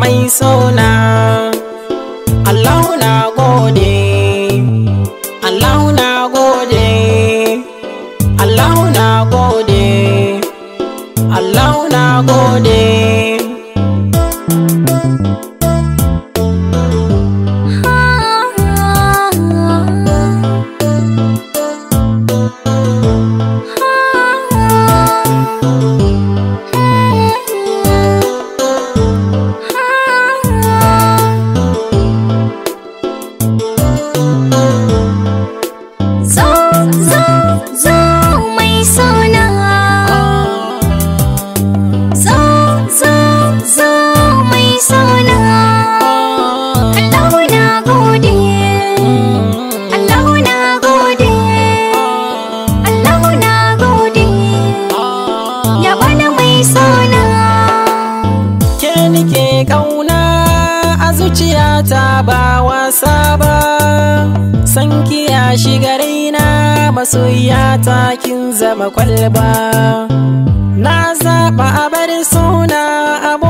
mai sona Allah na go manzo mai sauna Allah na gode na gode na gode ya bana mai sauna ke a zuciyata ba wasa ba san kiya shiga raina kin zama kwalba na zaɓa a bari suna abu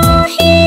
here.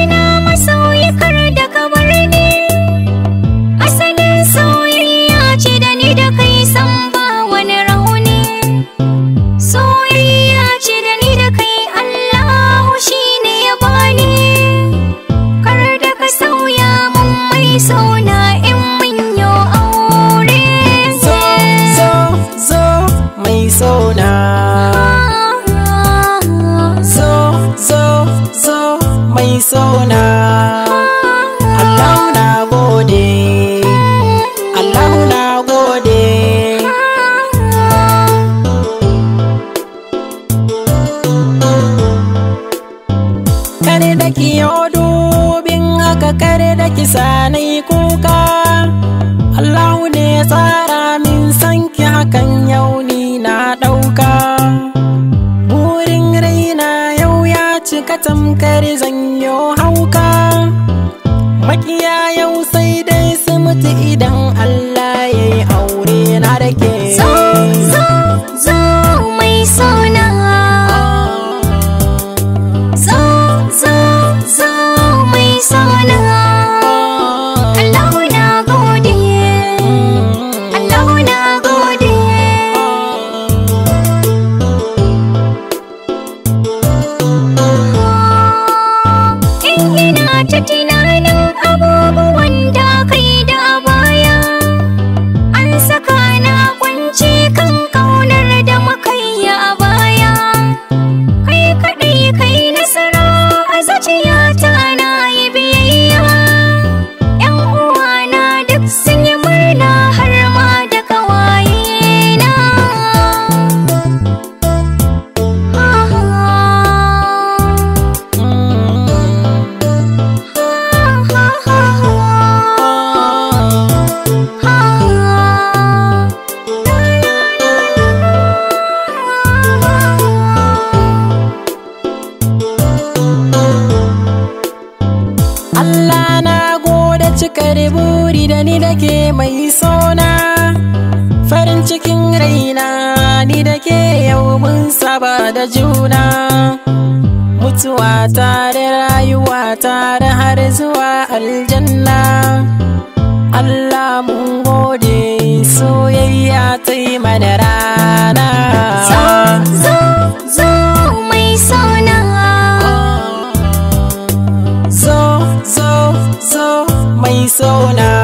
kare da kisa na yi kuka Allahu ne tsara min sanki hakan yau ni na ɗauka Burin raina yau ya cika tamkar zanyo Kare buri da ni da ke mai sona farin cikin raina ni da ke yau mun saba da juna mutuwa tare rayuwa tare har zuwa aljanna Allah mun gode soyayya ta yi so na